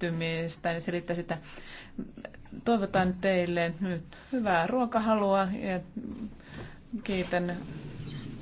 kehittymistä ja niin selittää sitä. Toivotan teille nyt hyvää ruokahalua ja kiitän